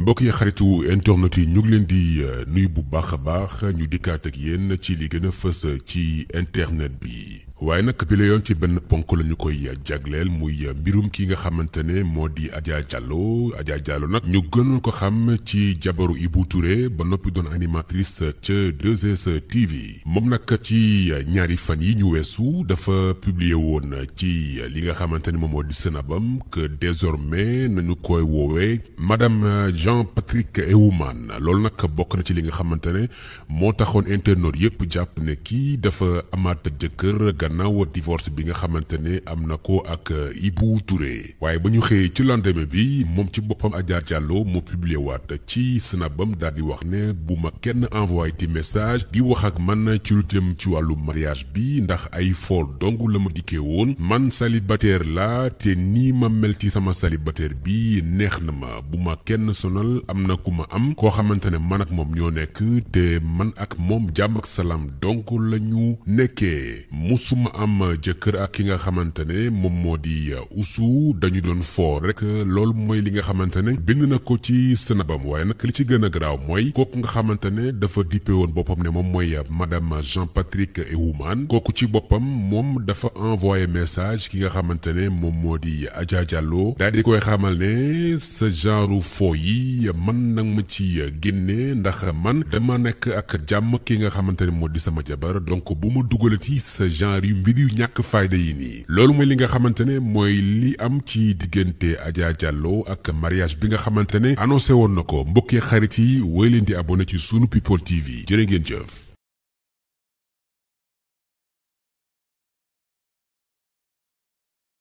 mbokk yi xaritu internet yi ñu ngi leen di euh, nuyu bu baax a baax ñu dikkaat ak yéen ci li gën a fës ci internet bi waaye nag bi ci benn ponk lañu koy jagleel muy mbirum ki nga xamante ne moo di Adja Diallo Adja nag ñu gënoon ko xam ci jabaru Ibou Touré ba noppi doon animatrice ca 2S TV moom nag ci ñaari fan yi ñu weesu dafa publier woon ci li nga xamante ne moom moo di sënabam que désormais nañu koy woowee madame Jean-Patrick Ewouman loolu nag bokk na ci li nga xamante ne moo taxoon internautes yëpp jàpp ne kii dafa amaat jëkkër. gannaaw divorce bi nga xamante ne am na ko ak euh, Ibou Touré waaye ba ñu xëyee ci lendemain bi moom ci boppam Adja Diallo moo publier waat ci snapam daal di wax ne bu ma kenn envoyé ti message di wax ak man ci lu jëm ci wàllu mariage bi ndax ay fool dong la ma dikkee woon man célibataire la te nii ma mel ci sama célibataire bi neex na ma bu ma kenn sonal am na ku ma am koo xamante ne man ak moom ñoo nekk te man ak moom jàmm ak salaam donc lañu ñu nekkee musuma ma am jëkkër ak ki nga xamante ne moom moo di Usu dañu doon foo rek loolu mooy li nga xamante ne bind na ko ci sënabam waaye nag li ci gën a garaaw mooy kooku nga xamante ne dafa dippe woon boppam ne moom mooy madame Jean Patrick Ewuman kooku ci boppam moom dafa envoyé message ki nga xamante ne moom moo di Adja Diallo koy xamal ne sa genre foo yi man nag ma ci génne ndax man dama nekk ak jàmm ki nga xamante ne moo di sama jabar donc bu ma dugalati sa genre yu mbir ñàkk fayda yi nii loolu mooy li nga xamante ne mooy li am ci diggante Adja Diallo ak mariage bi nga xamante ne annoncé woon na ko mbokkee xarit yi woy leen di abonné ci sunu people tv jërë ngeen jëf